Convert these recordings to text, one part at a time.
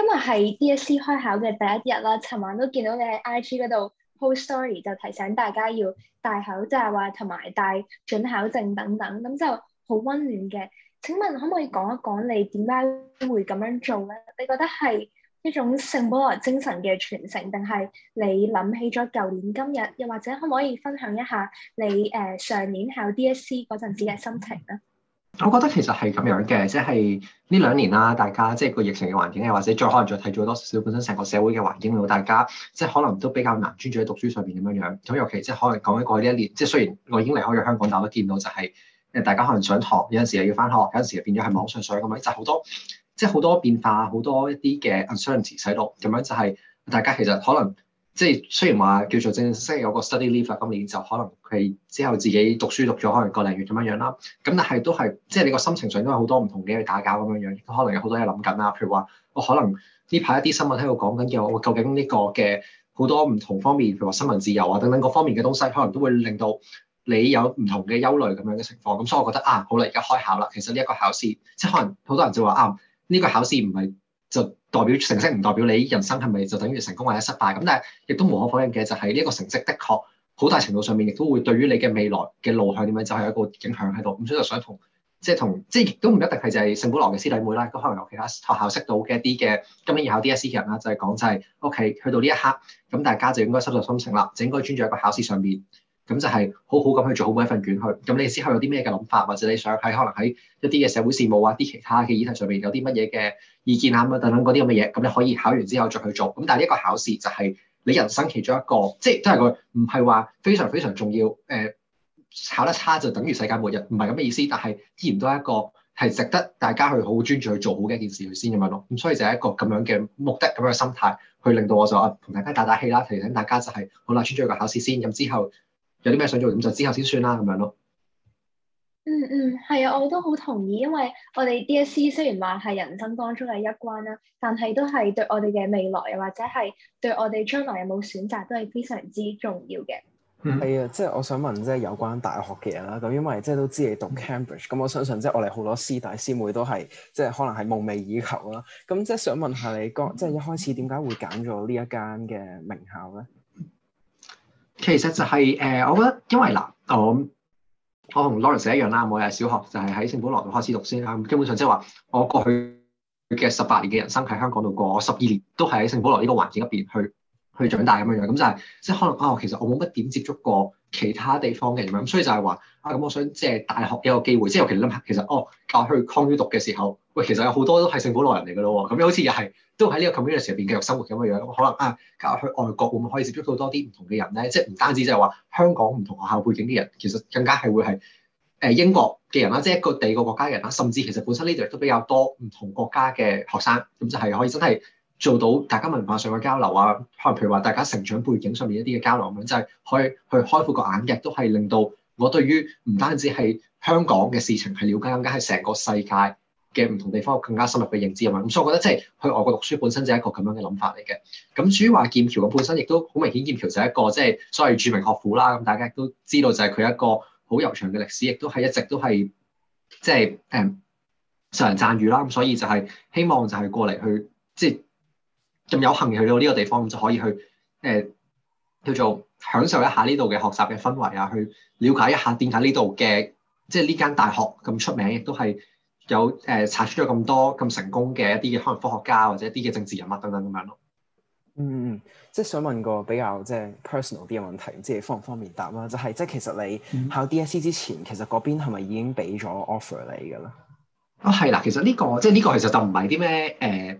今日係 DSE 開考嘅第一日啦，尋晚都見到你喺 IG 嗰度 post story，就提醒大家要戴口罩啊，同埋戴准考證等等，咁就好溫暖嘅。請問可唔可以講一講你點解會咁樣做咧？你覺得係一種聖保羅精神嘅傳承，定係你諗起咗舊年今日，又或者可唔可以分享一下你誒、呃、上年考 DSE 嗰陣時嘅心情咧？我覺得其實係咁樣嘅，即係呢兩年啦、啊，大家即係個疫情嘅環境，又或者再可能再睇咗多少少本身成個社會嘅環境，大家即係可能都比較難專注喺讀書上邊咁樣樣。咁尤其即係可能講起過去呢一年，即係雖然我已經離開咗香港，但我都見到就係、是、誒大家可能上堂有陣時又要返學，有陣時又變咗係網上上咁樣，就好、是、多即係好多變化，好多一啲嘅 uncertainty 使到咁樣、就是，就係大家其實可能。即係雖然話叫做正式有個 study leave 啊，今年就可能佢之後自己讀書讀咗可能個零月咁樣樣啦。咁但係都係即係你個心情上都有好多唔同嘅打擾咁樣樣，亦都可能有好多嘢諗緊啦。譬如話我可能呢排一啲新聞喺度講緊嘅，我究竟呢個嘅好多唔同方面，譬如話新聞自由啊等等各方面嘅東西，可能都會令到你有唔同嘅憂慮咁樣嘅情況。咁所以我覺得啊，好啦，而家開考啦。其實呢一個考試，即係可能好多人就話啊，呢個考試唔係就。代表成績唔代表你人生係咪就等於成功或者失敗咁。但係亦都無可否認嘅就係呢個成績的確好大程度上面亦都會對於你嘅未來嘅路向點樣就係一個影響喺度。咁所以就想同即係同即係亦都唔一定係就係聖保羅嘅師弟妹啦，都可能有其他學校識到嘅一啲嘅今年要考 DSE 嘅人啦，就係講就係 OK 去到呢一刻，咁大家就應該收拾心情啦，就應該專注喺個考試上面。咁就係好好咁去做好每一份卷去。咁你之後有啲咩嘅諗法，或者你想喺可能喺一啲嘅社會事務啊，啲其他嘅議題上面有啲乜嘢嘅意見啊，咁等等嗰啲咁嘅嘢，咁你可以考完之後再去做。咁但係呢個考試就係你人生其中一個，即係都係佢唔係話非常非常重要。誒、呃，考得差就等於世界末日，唔係咁嘅意思。但係依然都係一個係值得大家去好好專注去做好嘅一件事先咁樣咯。咁所以就係一個咁樣嘅目的咁樣嘅心態去令到我就同、啊、大家打打氣啦，提醒大家就係、是、好啦專注個考試先，咁之後，有啲咩想做，咁就之後先算啦，咁樣咯，嗯。嗯嗯，係啊，我都好同意，因為我哋 DSE 雖然話係人生當中嘅一關啦，但係都係對我哋嘅未來，又或者係對我哋將來有冇選擇，都係非常之重要嘅。係啊，嗯，即係我想問即係有關大學嘅人啦，咁因為即係都知你讀 Cambridge，咁我相信即係我哋好多師弟師妹都係即係可能係夢寐以求啦。咁即係想問下你個，即係一開始點解會揀咗呢一間嘅名校咧？其實就係、是、誒、呃，我覺得因為嗱、呃，我我同 Lawrence 一樣啦，我又係小學就係、是、喺聖保羅度開始讀先啦。基本上即係話，我過去嘅十八年嘅人生喺香港度過，我十二年都係喺聖保羅呢個環境入邊去去長大咁樣樣，咁就係即係可能啊、哦，其實我冇乜點接觸過其他地方嘅咁，所以就係話啊，咁、嗯、我想借係大學嘅一個機會，即係我其實諗，其實哦，我、啊、去 HKU 讀嘅時候，其實有好多都係聖保羅人嚟噶咯喎，咁又好似又係都喺呢個 community 入面繼續生活咁樣樣，咁可能啊，去外國會唔會可以接觸到多啲唔同嘅人咧？即係唔單止就話香港唔同學校背景嘅人，其實更加係會係誒英國嘅人啦，即係一個地嘅國,國家嘅人啦，甚至其實本身呢度都比較多唔同國家嘅學生，咁就係可以真係做到大家文化上嘅交流啊，可能譬如話大家成長背景上面一啲嘅交流咁樣，就係、係、可以去開闊個眼界，都係令到我對於唔單止係香港嘅事情係了解更加係成個世界。嘅唔同地方更加深入嘅認知係咪？咁所以我覺得即係去外國讀書本身就係一個咁樣嘅諗法嚟嘅。咁至於話劍橋咁本身，亦都好明顯，劍橋就係一個即係所謂著名學府啦。咁大家都知道就係佢一個好悠長嘅歷史，亦都係一直都係即係誒、嗯、受人讚譽啦。咁所以就係希望就係過嚟去即係咁有幸去到呢個地方，咁就可以去誒叫、呃、做享受一下呢度嘅學習嘅氛圍啊，去了解一下點解呢度嘅即係呢間大學咁出名，亦都係。有誒，擦、呃、出咗咁多咁成功嘅一啲嘅可能科學家或者一啲嘅政治人物等等咁樣咯、嗯。嗯，即係想問個比較即係 personal 啲嘅問題，唔知方唔方便答啦？就係、是、即係其實你考 DSE 之前，嗯、其實嗰邊係咪已經俾咗 offer 你㗎啦？啊係啦，其實呢、這個即係呢個其實就唔係啲咩誒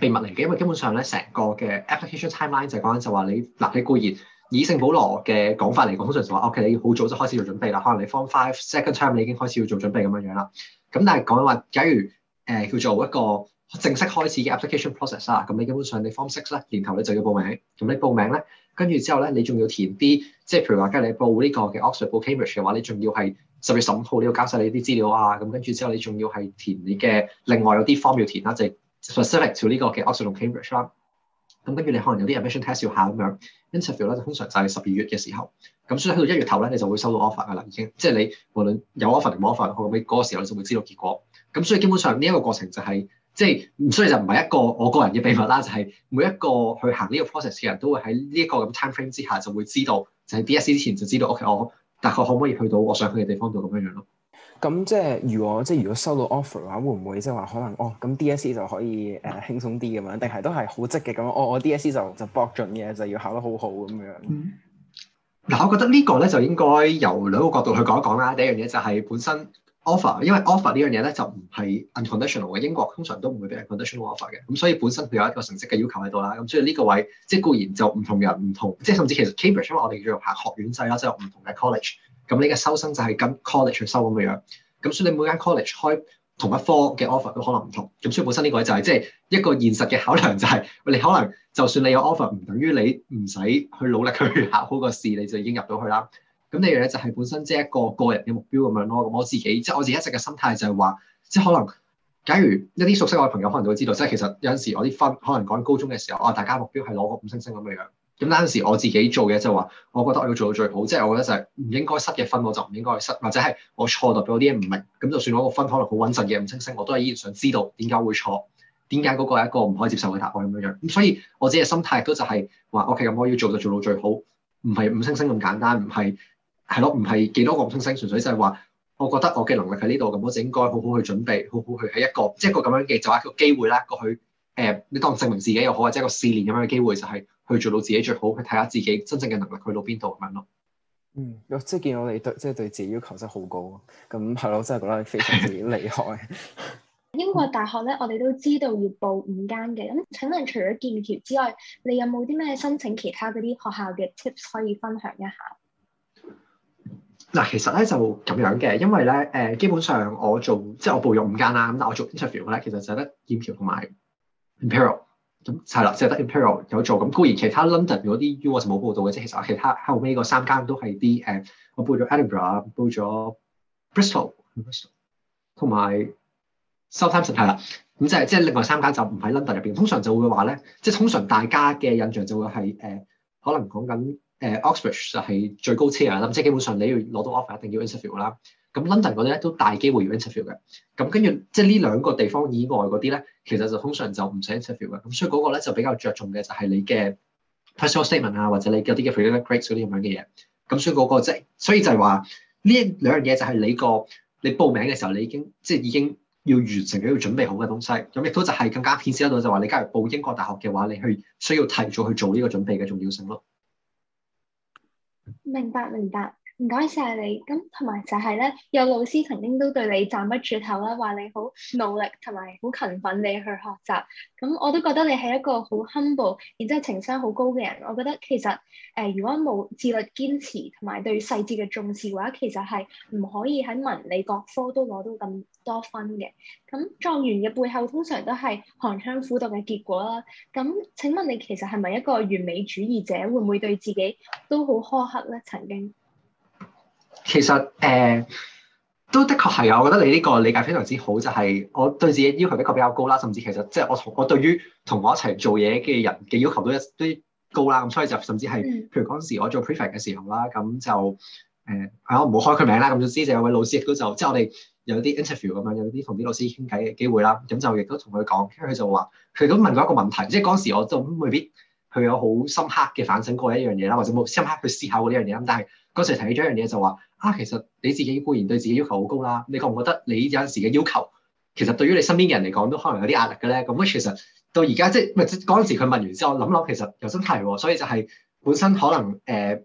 秘密嚟嘅，因為基本上咧成個嘅 application timeline 就講緊就話你嗱、呃，你固然以聖保羅嘅講法嚟講，通常就話 OK，你好早就開始做準備啦，可能你 form five second term 你已經開始要做準備咁樣樣啦。咁但係講緊話，假如誒、呃、叫做一個正式開始嘅 application process 啊，咁你基本上你 form six 咧年頭咧就要報名，咁你報名咧，跟住之後咧，你仲要填啲，即係譬如話，假如你報呢個嘅 Oxford 報 Cambridge 嘅話，你仲要係十月十五號你要交晒你啲資料啊，咁跟住之後你仲要係填你嘅另外有啲 form 要填啦，就係 specific to 呢個嘅 Oxford 同 Cambridge 啦，咁跟住你可能有啲 admission test 要考咁樣，interview 咧就通常就係十二月嘅時候。咁所以去到一月頭咧，你就會收到 offer 噶啦，已經，即係你無論有 offer 定冇 offer，咁樣嗰個時候你就會知道結果。咁所以基本上呢一個過程就係、即係，所以就唔係一個我個人嘅秘密啦，就係、每一個去行呢個 process 嘅人都會喺呢一個咁 time frame 之下就會知道，就係、DSE 之前就知道，OK，我大概可唔可以去到我想去嘅地方度咁樣樣咯。咁即係如果即係如果收到 offer 嘅話，會唔會即係話可能哦咁 DSE 就可以呃輕鬆啲咁樣？定係都係好積極咁？哦，我我 DSE 就就搏盡嘅，就要考得好好咁樣。嗯。嗱，我覺得個呢個咧就應該由兩個角度去講一講啦。第一樣嘢就係本身 offer，因為 offer 呢樣嘢咧就唔係 unconditional 嘅。英國通常都唔會俾 unconditional offer 嘅，咁所以本身佢有一個成績嘅要求喺度啦。咁所以呢個位即係固然就唔同人唔同，即係甚至其實 Cambridge 因為我哋叫做行學院制啦，即係有唔同嘅 college。咁呢個收生就係跟 college 去收咁嘅樣。咁所以你每間 college 開。同一科嘅 offer 都可能唔同，咁所以本身呢個就係即係一個現實嘅考量、就是，就係你可能就算你有 offer，唔等於你唔使去努力去考好個試，你就已經入到去啦。咁呢樣嘢就係、是、本身即係一個個人嘅目標咁樣咯。咁我自己即係、就是、我自己一直嘅心態就係話，即係可能假如一啲熟悉我嘅朋友可能就會知道，即係其實有陣時我啲分可能講高中嘅時候，啊大家目標係攞個五星星咁嘅樣。咁嗰陣時我自己做嘅就話，我覺得我要做到最好，即係我覺得就係唔應該失嘅分我就唔應該失，或者係我錯代表我啲嘢唔明，咁就算我個分可能好穩陣嘅五星星，我都係依然想知道點解會錯，點解嗰個係一個唔可以接受嘅答案咁樣樣。咁所以我自己嘅心態都就係話，O K，咁我要做就做到最好，唔係五星星咁簡單，唔係係咯，唔係幾多個五星星，純粹就係話，我覺得我嘅能力喺呢度咁，我應該好好去準備，好好去喺一個即係個咁樣嘅就係一個機會啦，個去誒，你當證明自己又好或者係個試練咁樣嘅機會就係。去做到自己最好，去睇下自己真正嘅能力去到邊度咁樣咯。嗯，即係見到你對即係、就是、對自己要求真係好高，咁係咯，真係覺得你非常之厲害。 英國大學咧，我哋都知道要報五間嘅，咁請問除咗劍橋之外，你有冇啲咩申請其他嗰啲學校嘅 tips 可以分享一下？嗱，其實咧就咁樣嘅，因為咧誒、呃，基本上我做即係我報咗五間啦，咁但係我做 Interview 嗰咧其實就得劍橋同埋 Imperial。咁係啦，就係得 Imperial 有做，咁、嗯、固然其他 London 嗰啲 U 我就冇報道嘅啫。其實其他後尾嗰三間都係啲誒，我報咗 Edinburgh，報咗 Bristol，同埋 Southampton 係啦。咁就係即係另外三間就唔喺 London 入邊。通常就會話咧，即係通常大家嘅印象就會係誒、呃，可能講緊誒 Oxford 就係最高 Tier 啦。即係基本上你要攞到 offer，一定要 interview 啦。咁 London 嗰啲咧都大機會要 interview 嘅，咁跟住即係呢兩個地方以外嗰啲咧，其實就通常就唔使 interview 嘅，咁所以嗰個咧就比較着重嘅就係你嘅 personal statement 啊，或者你有啲嘅 predicted grades 嗰啲咁樣嘅嘢，咁所以嗰、嗰個即係，所以就係話呢兩樣嘢就係你個你報名嘅時候，你已經即係、就係、已經要完成嘅要準備好嘅東西，咁亦都就係更加顯示得到就話你假如報英國大學嘅話，你去需要提早去做呢個準備嘅重要性咯。明白，明白。唔該晒你，咁同埋就係咧，有老師曾經都對你讚不絕口啦，話你好努力，同埋好勤奮地去學習。咁我都覺得你係一個好 humble，然之後情商好高嘅人。我覺得其實誒、呃，如果冇自律堅、堅持同埋對細節嘅重視嘅話，其實係唔可以喺文理各科都攞到咁多分嘅。咁狀元嘅背後通常都係寒窗苦讀嘅結果啦。咁請問你其實係咪一個完美主義者？會唔會對自己都好苛刻咧？曾經？其實誒、呃、都的確係啊，我覺得你呢個理解非常之好，就係、是、我對自己要求的確比較高啦，甚至其實即係我我對於同我一齊做嘢嘅人嘅要求都一都高啦。咁所以就甚至係，譬如嗰陣時我做 prefect 嘅時候啦，咁就誒係、呃、我唔好開佢名啦，咁就知就有位老師亦都就即係我哋有啲 interview 咁樣，有啲同啲老師傾偈嘅機會啦，咁就亦都同佢講，跟住佢就話佢都問過一個問題，即係嗰陣時我就未必。佢有好深刻嘅反省過一樣嘢啦，或者冇深刻去思考過呢樣嘢咁。但係嗰時提起咗一樣嘢就話：啊，其實你自己固然對自己要求好高啦，你覺唔覺得你有陣時嘅要求其實對於你身邊嘅人嚟講都可能有啲壓力嘅咧？咁其實到而家即係唔係嗰陣時佢問完之後，我諗諗其實又真係，所以就係本身可能誒、呃，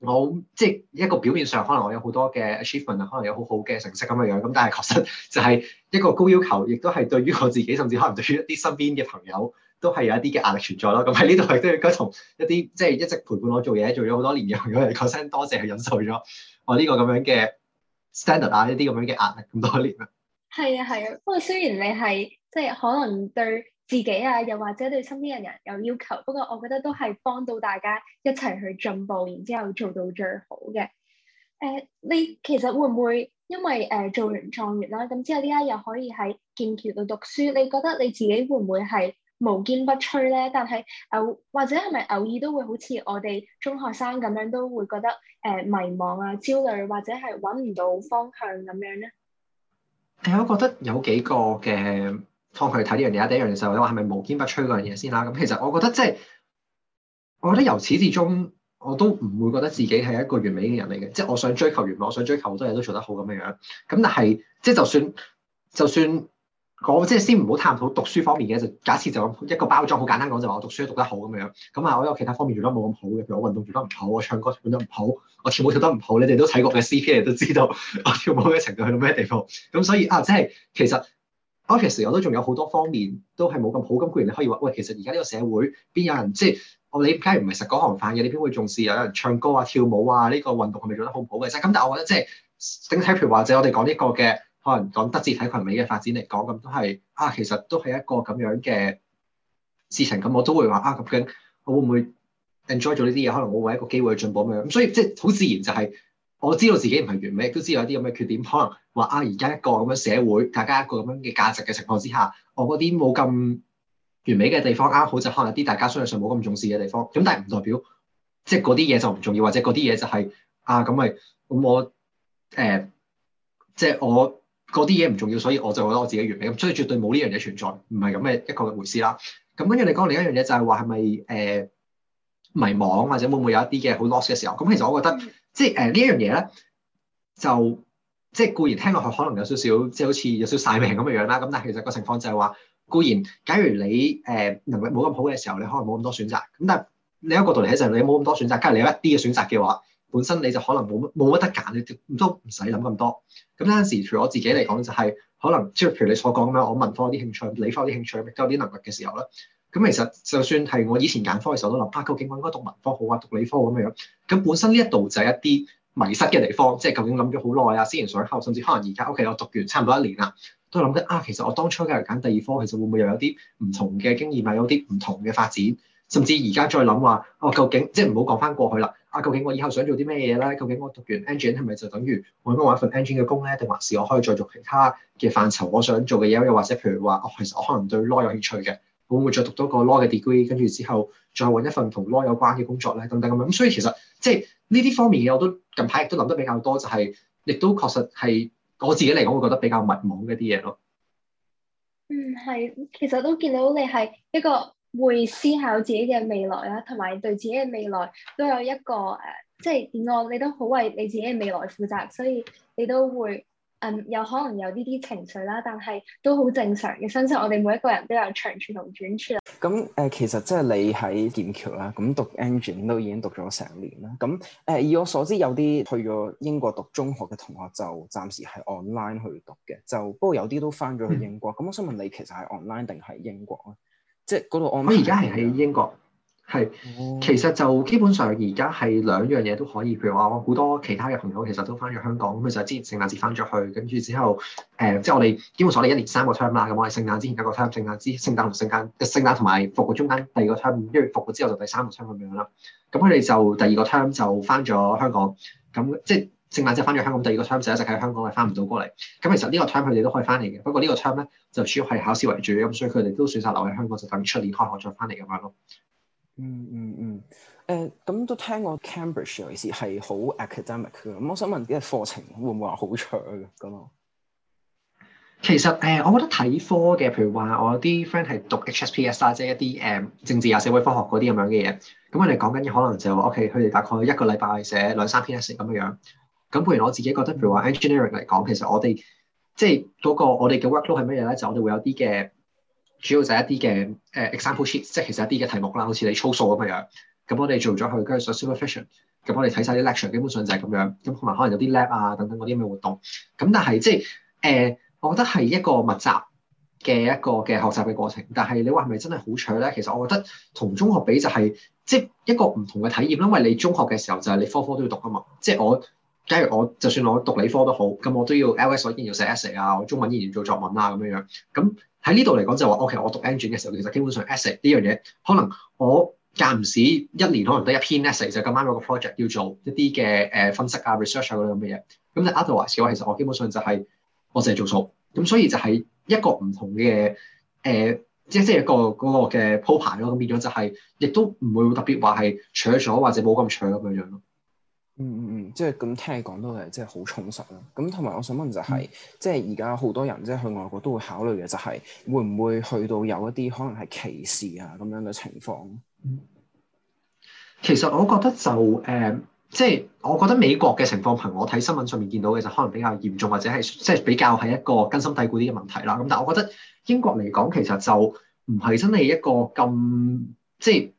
我即係一個表面上可能我有好多嘅 achievement 可能有好好嘅成績咁嘅樣。咁但係確實就係一個高要求，亦都係對於我自己，甚至可能對於一啲身邊嘅朋友。都係有一啲嘅壓力存在咯。咁喺呢度亦都要同一啲即係一直陪伴我做嘢做咗好多年嘅人講聲多謝，係忍受咗我呢個咁樣嘅 standard 啊，一啲咁樣嘅壓力咁多年啊。係啊係啊。不過雖然你係即係可能對自己啊，又或者對身邊嘅人有要求，不過我覺得都係幫到大家一齊去進步，然之後做到最好嘅。誒、呃，你其實會唔會因為誒、呃、做完狀元啦，咁之後呢家又可以喺劍橋度讀書，你覺得你自己會唔會係？無堅不摧咧，但係偶、呃、或者係咪偶爾都會好似我哋中學生咁樣都會覺得誒、呃、迷茫啊、焦慮、啊、或者係揾唔到方向咁樣咧？誒、嗯，我覺得有幾個嘅，方向去睇呢樣嘢，第一樣嘢就係話係咪無堅不摧嗰樣嘢先啦、啊。咁、嗯、其實我覺得即係，我覺得由始至終我都唔會覺得自己係一個完美嘅人嚟嘅。即係我想追求完美，我想追求好多嘢都做得好咁樣。咁但係即係就算就算，就算我即係先唔好探討讀書方面嘅，就假設就一個包裝，好簡單講就話我讀書讀得好咁樣。咁啊，我有其他方面做得冇咁好嘅，譬如我運動做得唔好，我唱歌做得唔好，我跳舞跳得唔好。你哋都睇過嘅 C.P.，都知道我跳舞嘅程度去到咩地方。咁所以啊，即係其實 i v y u 我都仲有好多方面都係冇咁好咁。固然你可以話喂，其實而家呢個社會邊有人即係我你唔係唔係食嗰行飯嘅，你邊會重視有人唱歌啊、跳舞啊呢個運動係咪做得好唔好嘅？即係咁，但係我覺得即係整體譬如或者我哋講呢個嘅。可能講德智體群美嘅發展嚟講，咁都係啊，其實都係一個咁樣嘅事情。咁我都會話啊，究竟我會唔會 enjoy 做呢啲嘢？可能我會為一個機會去進步咁樣。咁所以即係好自然就係、是、我知道自己唔係完美，都知道有啲咁嘅缺點。可能話啊，而家一個咁嘅社會，大家一個咁樣嘅價值嘅情況之下，我嗰啲冇咁完美嘅地方啱好就可能一啲大家相信上相對上冇咁重視嘅地方。咁、啊、但係唔代表即係嗰啲嘢就唔重要，或者嗰啲嘢就係、是、啊咁咪咁我誒即係我。呃即我即我嗰啲嘢唔重要，所以我就覺得我自己完美，咁所以絕對冇呢樣嘢存在，唔係咁嘅一個回事啦。咁跟住你講另一樣嘢，就係話係咪誒迷惘或者會唔會有一啲嘅好 lost 嘅時候？咁其實我覺得即係誒、呃、呢樣嘢咧，就即係固然聽落去可能有少少即係好似有少晒命咁嘅樣啦。咁但係其實個情況就係話固然，假如你誒、呃、能力冇咁好嘅時候，你可能冇咁多選擇。咁但係另一個度嚟睇就係你冇咁多選擇，假如你有一啲嘅選擇嘅話。本身你就可能冇乜冇乜得揀，你都唔使諗咁多。咁嗰陣時，除我自己嚟講，就係、是、可能即係譬如你所講咁樣，我文科有啲興趣，理科有啲興趣，都有啲能力嘅時候咧。咁其實就算係我以前揀科嘅時候都諗啊，究竟我應該讀文科好啊，讀理科咁樣樣。咁本身呢一度就致一啲迷失嘅地方，即係究竟諗咗好耐啊，先然想考，甚至可能而家屋企我讀完差唔多一年啦，都諗緊啊。其實我當初嘅揀第二科，其實會唔會又有啲唔同嘅經驗，咪、啊、有啲唔同嘅發展，甚至而家再諗話哦，究竟即係唔好講翻過去啦。啊、究竟我以後想做啲咩嘢咧？究竟我讀完 engine 係咪就等於我咁樣揾一份 engine 嘅工咧？定還是我可以再做其他嘅範疇，我想做嘅嘢？又或者譬如話，我、哦、其實我可能對 law 有興趣嘅，會唔會再讀到個 law 嘅 degree，跟住之後再揾一份同 law 有關嘅工作咧？等等咁樣。咁所以其實即係呢啲方面我都近排亦都諗得比較多，就係、是、亦都確實係我自己嚟講，會覺得比較迷茫一啲嘢咯。嗯，係，其實都見到你係一個。會思考自己嘅未來啦，同埋對自己嘅未來都有一個誒，即係點講？你都好為你自己嘅未來負責，所以你都會嗯有可能有呢啲情緒啦。但係都好正常嘅，相信我哋每一個人都有長處同短處。咁誒、呃，其實即係你喺劍橋啦，咁讀 engine 都已經讀咗成年啦。咁誒、呃，以我所知，有啲去咗英國讀中學嘅同學就暫時係 online 去讀嘅，就不過有啲都翻咗去英國。咁、嗯、我想問你，其實係 online 定係英國啊？即係度我而家係喺英國，係、oh. 其實就基本上而家係兩樣嘢都可以，譬如話我好多其他嘅朋友其實都翻咗香港，咁就係之前聖誕節翻咗去，跟住之後誒、呃，即係我哋基本上你一年三個 term 啦，咁我哋聖誕之前一個 term，聖誕之聖誕同聖誕即係聖誕同埋復活中間第二個 term，跟住復活之後就第三個 term 咁樣啦。咁佢哋就第二個 term 就翻咗香港，咁即係。正晚之後翻咗香港，第二個 time 就一直喺香港，係翻唔到過嚟。咁其實呢個 time 佢哋都可以翻嚟嘅，不過呢個 time 咧就主要係考試為主，咁所以佢哋都選擇留喺香港，就等出年開學再翻嚟咁樣咯。嗯嗯嗯，誒、呃、咁都聽過 Cambridge 尤其是係好 academic 咁、嗯、我想問啲嘅課程會唔會好長咁啊？其實誒、呃，我覺得睇科嘅，譬如話我有啲 friend 係讀 HSPS 啊，即係一啲誒政治啊、社會科學嗰啲咁樣嘅嘢，咁佢哋講緊嘅可能就話 OK，佢哋大概一個禮拜寫兩三 PS 咁樣樣。咁，譬如我自己覺得，譬如話 engineering 嚟講，其實我哋即係嗰個我哋嘅 workload 係乜嘢咧？就我哋會有啲嘅主要就係一啲嘅誒 example sheet，即係其實一啲嘅題目啦，好似你操數咁嘅樣。咁我哋做咗佢跟住上 supervision。咁我哋睇晒啲 lecture，基本上就係咁樣。咁同埋可能有啲 lab 啊，等等嗰啲咁嘅活動。咁但係即係誒，我覺得係一個密集嘅一個嘅學習嘅過程。但係你話係咪真係好 chur 咧？其實我覺得同中學比就係、是、即係一個唔同嘅體驗，因為你中學嘅時候就係你科科都要讀啊嘛。即係我。假如我就算我讀理科都好，咁我都要 LS 我依然要寫 essay 啊，我中文依然要做作文啊，咁樣樣。咁喺呢度嚟講就話，OK，我讀 engine 嘅時候，其實基本上 essay 呢樣嘢，可能我暫時一年可能得一篇 essay，就咁啱有個 project 要做一啲嘅誒分析啊、research 啊、er、嗰類咁嘅嘢。咁就 otherwise 嘅話，其實我基本上就係我淨係做數。咁所以就係一個唔同嘅誒、呃，即係即係一個嗰個嘅鋪排咯。咁變咗就係、是，亦都唔會特別話係搶咗或者冇咁搶咁樣樣咯。嗯嗯嗯，即係咁聽你講到嚟，即係好充實啦。咁同埋我想問就係、是，嗯、即係而家好多人即係去外國都會考慮嘅，就係會唔會去到有一啲可能係歧視啊咁樣嘅情況、嗯？其實我覺得就誒、呃，即係我覺得美國嘅情況，憑我睇新聞上面見到嘅就可能比較嚴重，或者係即係比較係一個根深蒂固啲嘅問題啦。咁但係我覺得英國嚟講，其實就唔係真係一個咁即係。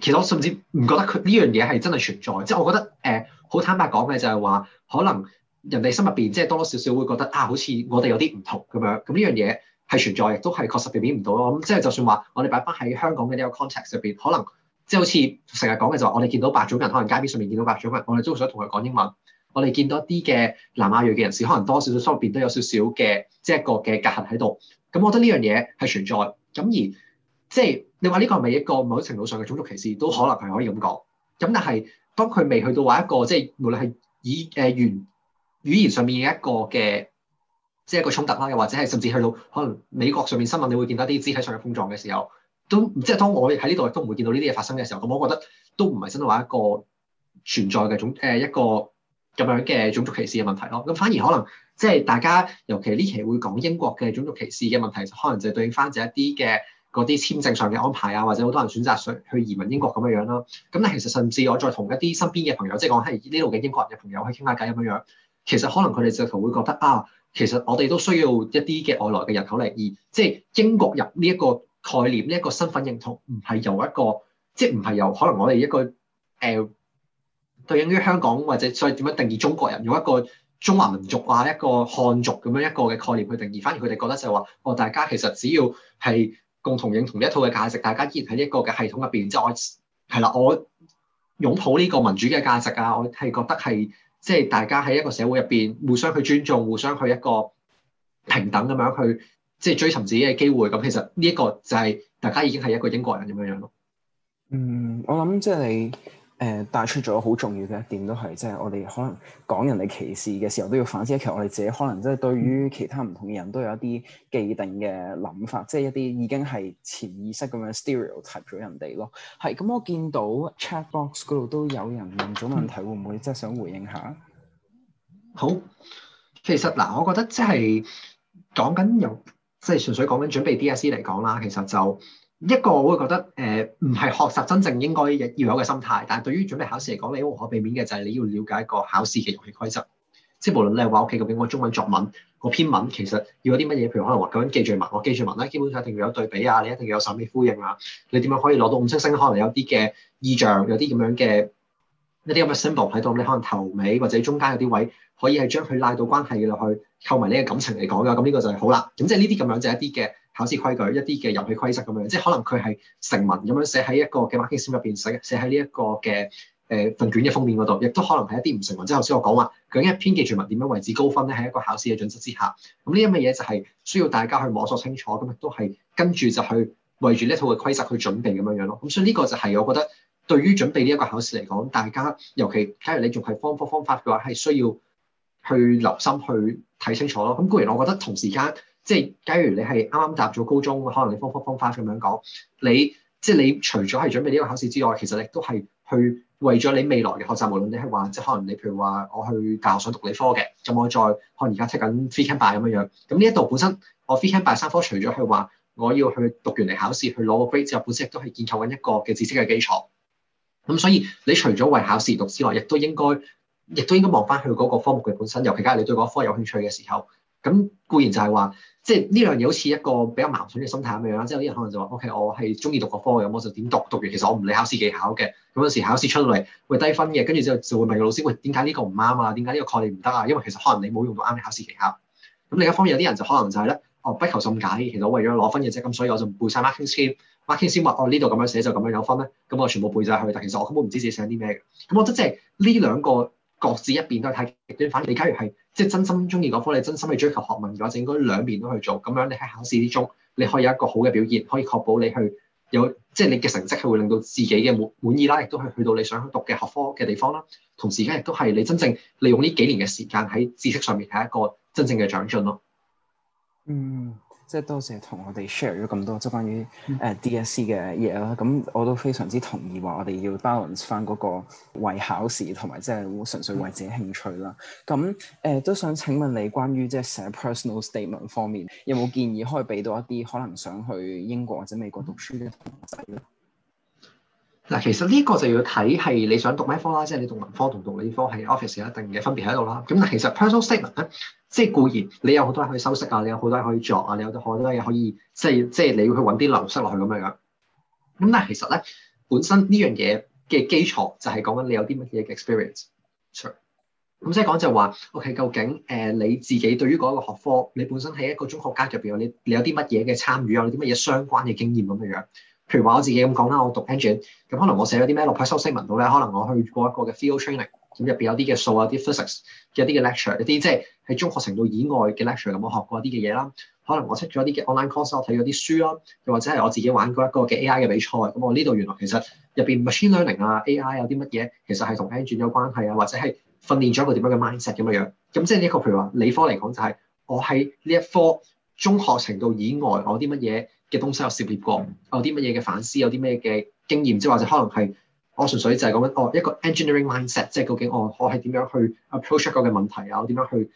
其實我甚至唔覺得佢呢樣嘢係真係存在，即係我覺得誒好、呃、坦白講嘅就係話，可能人哋心入邊即係多多少少會覺得啊，好似我哋有啲唔同咁樣，咁呢樣嘢係存在，亦都係確實避免唔到咯。咁即係就算話我哋擺翻喺香港嘅呢個 context 入邊，可能即係好似成日講嘅就係我哋見到白種人，可能街邊上面見到白種人，我哋都想同佢講英文。我哋見到一啲嘅南亞裔嘅人士，可能多少少心入邊都有少少嘅即係一個嘅隔閡喺度。咁我覺得呢樣嘢係存在，咁而即係。你話呢個係咪一個某程度上嘅種族歧視，都可能係可以咁講。咁但係當佢未去到話一個即係無論係以誒原、呃、語言上面嘅一個嘅，即係一個衝突啦，又或者係甚至去到可能美國上面新聞你會見到啲肢體上嘅碰撞嘅時候，都即係當我喺呢度都唔會見到呢啲嘢發生嘅時候，咁我覺得都唔係真係話一個存在嘅種誒、呃、一個咁樣嘅種族歧視嘅問題咯。咁反而可能即係大家尤其呢期會講英國嘅種族歧視嘅問題，可能就對應翻就一啲嘅。嗰啲簽證上嘅安排啊，或者好多人選擇上去移民英國咁樣樣、啊、啦。咁咧，其實甚至我再同一啲身邊嘅朋友，即係講喺呢度嘅英國人嘅朋友去傾下偈咁樣樣，其實可能佢哋就同會覺得啊，其實我哋都需要一啲嘅外來嘅人口嚟，而即係英國人呢一個概念，呢、這、一個身份認同唔係由一個，即係唔係由可能我哋一個誒、呃，對應於香港或者所以點樣定義中國人，用一個中華民族啊一個漢族咁樣一個嘅概念去定義，反而佢哋覺得就係話，哦大家其實只要係。共同認同一套嘅價值，大家依然喺一個嘅系統入邊。即係我係啦，我擁抱呢個民主嘅價值啊，我係覺得係即係大家喺一個社會入邊互相去尊重、互相去一個平等咁樣去即係追尋自己嘅機會。咁其實呢一個就係大家已經係一個英國人咁樣樣咯。嗯，我諗即係誒帶出咗好重要嘅一點，都係即係我哋可能講人哋歧視嘅時候，都要反思一其實我哋自己可能即係對於其他唔同人都有一啲既定嘅諗法，嗯、即係一啲已經係潛意識咁樣 stereotype 咗人哋咯。係咁，我見到 chat box 嗰度都有人問咗問題，嗯、會唔會即係想回應下？好，其實嗱，我覺得即、就、係、是、講緊又即係純粹講緊準備 DSE 嚟講啦，其實就。一個我會覺得誒唔係學習真正應該要有嘅心態，但係對於準備考試嚟講，你都不可避免嘅就係你要了解一個考試嘅遊戲規則。即係無論你係話屋企咁比我中文作文個篇文，其實要有啲乜嘢？譬如可能話咁記敘文，我記敘文啦，基本上一定要有對比啊，你一定要有首尾呼應啊，你點樣可以攞到五星星？可能有啲嘅意象，有啲咁樣嘅一啲咁嘅 symbol 喺度，你可能頭尾或者中間有啲位可以係將佢拉到關係落去，扣埋你嘅感情嚟講㗎。咁呢個就係、是、好啦。咁即係呢啲咁樣就係一啲嘅。考試規矩一啲嘅遊戲規則咁樣，即係可能佢係成文咁樣寫喺一個嘅 m a r k i s h 入邊，寫寫喺呢一個嘅誒、呃、份卷嘅封面嗰度，亦都可能係一啲唔成文。即係頭先我講話，究竟編記住文點樣攛至高分咧？喺一個考試嘅準則之下，咁呢一咪嘢就係需要大家去摸索清楚，咁亦都係跟住就去圍住呢套嘅規則去準備咁樣樣咯。咁所以呢個就係我覺得對於準備呢一個考試嚟講，大家尤其假如你仲係方 o r 嘅話，係需要去留心去睇清楚咯。咁固然我覺得同時間，即係假如你係啱啱踏入咗高中，可能你科科 u r 咁樣講，你即係你除咗係準備呢個考試之外，其實亦都係去為咗你未來嘅學習，無論你係話即係可能你譬如話我去大學想讀理科嘅，咁我再可能而家聽緊 free camp 咁樣樣，咁呢一度本身我 free camp 三科，除咗係話我要去讀完嚟考試去攞個飛之後，本身亦都係建構緊一個嘅知識嘅基礎。咁所以你除咗為考試而讀之外，亦都應該亦都應該望翻去嗰個科目嘅本身，尤其假如你對嗰科有興趣嘅時候。咁固然就係話，即係呢樣嘢好似一個比較矛盾嘅心態咁樣啦。即係有啲人可能就話：OK，我係中意讀個科嘅，我就點讀讀完，其實我唔理考試技巧嘅。咁有時考試出嚟會低分嘅，跟住之後就會問個老師：喂，點解呢個唔啱啊？點解呢個概念唔得啊？因為其實可能你冇用到啱嘅考試技巧。咁另一方面，有啲人就可能就係咧，哦，不求甚解，其實我為咗攞分嘅啫。咁所以我就背晒 marking scheme，marking scheme 話：哦，呢度咁樣寫就咁樣有分咧。咁我全部背晒去，但其實我根本唔知自己寫啲咩嘅。咁我覺得即係呢兩個，各自一邊都係太極端，反而你假如係即係真心中意嗰科，你真心去追求學問嘅話，就應該兩邊都去做。咁樣你喺考試之中，你可以有一個好嘅表現，可以確保你去有即係你嘅成績係會令到自己嘅滿滿意啦，亦都係去到你想去讀嘅學科嘅地方啦。同時而家亦都係你真正利用呢幾年嘅時間喺知識上面係一個真正嘅長進咯。嗯。即係多謝同我哋 share 咗咁多，即係關於 DSE 嘅嘢啦。咁、嗯、我都非常之同意話，我哋要 balance 翻嗰個為考試同埋即係純粹為自己興趣啦。咁誒、嗯呃、都想請問你關於即係寫 personal statement 方面，有冇建議可以俾到一啲可能想去英國或者美國讀書嘅同學仔咧？嗯 嗱，其實呢個就要睇係你想讀咩科啦，即係你讀文科同讀理科係 office 有一定嘅分別喺度啦。咁其實 personal statement 咧，即係固然你有好多嘢可以修飾啊，你有好多嘢可以做啊，你有好多嘢可以即係即係你要去揾啲流色落去咁樣樣。咁但係其實咧，本身呢樣嘢嘅基礎就係講緊你有啲乜嘢嘅 experience。咁即係講就係話，OK，究竟誒你自己對於嗰個學科，你本身喺一個中學階級入邊，你你有啲乜嘢嘅參與，有啲乜嘢相關嘅經驗咁樣樣。譬如話我自己咁講啦，我讀 engine 咁可能我寫咗啲咩諾克收息文度咧，可能我去過一個嘅 field training，咁入邊有啲嘅數啊，啲 physics，有啲嘅 lecture，有一啲即係喺中學程度以外嘅 lecture，咁我學過一啲嘅嘢啦。可能我識咗啲嘅 online course，我睇咗啲書啦，又或者係我自己玩過一個嘅 AI 嘅比賽。咁我呢度原來其實入邊 machine learning 啊，AI 有啲乜嘢，其實係同 engine 有關係啊，或者係訓練咗一個點樣嘅 mindset 咁嘅樣。咁即係呢一個譬如話理科嚟講，就係我喺呢一科中學程度以外我啲乜嘢嘅東西有涉獵過，有啲乜嘢嘅反思，有啲咩嘅經驗，即係或者可能係我純粹就係講緊哦一個 engineering mindset，即係究竟、哦、我我係點樣去 approach 嗰個嘅問題啊？我點樣去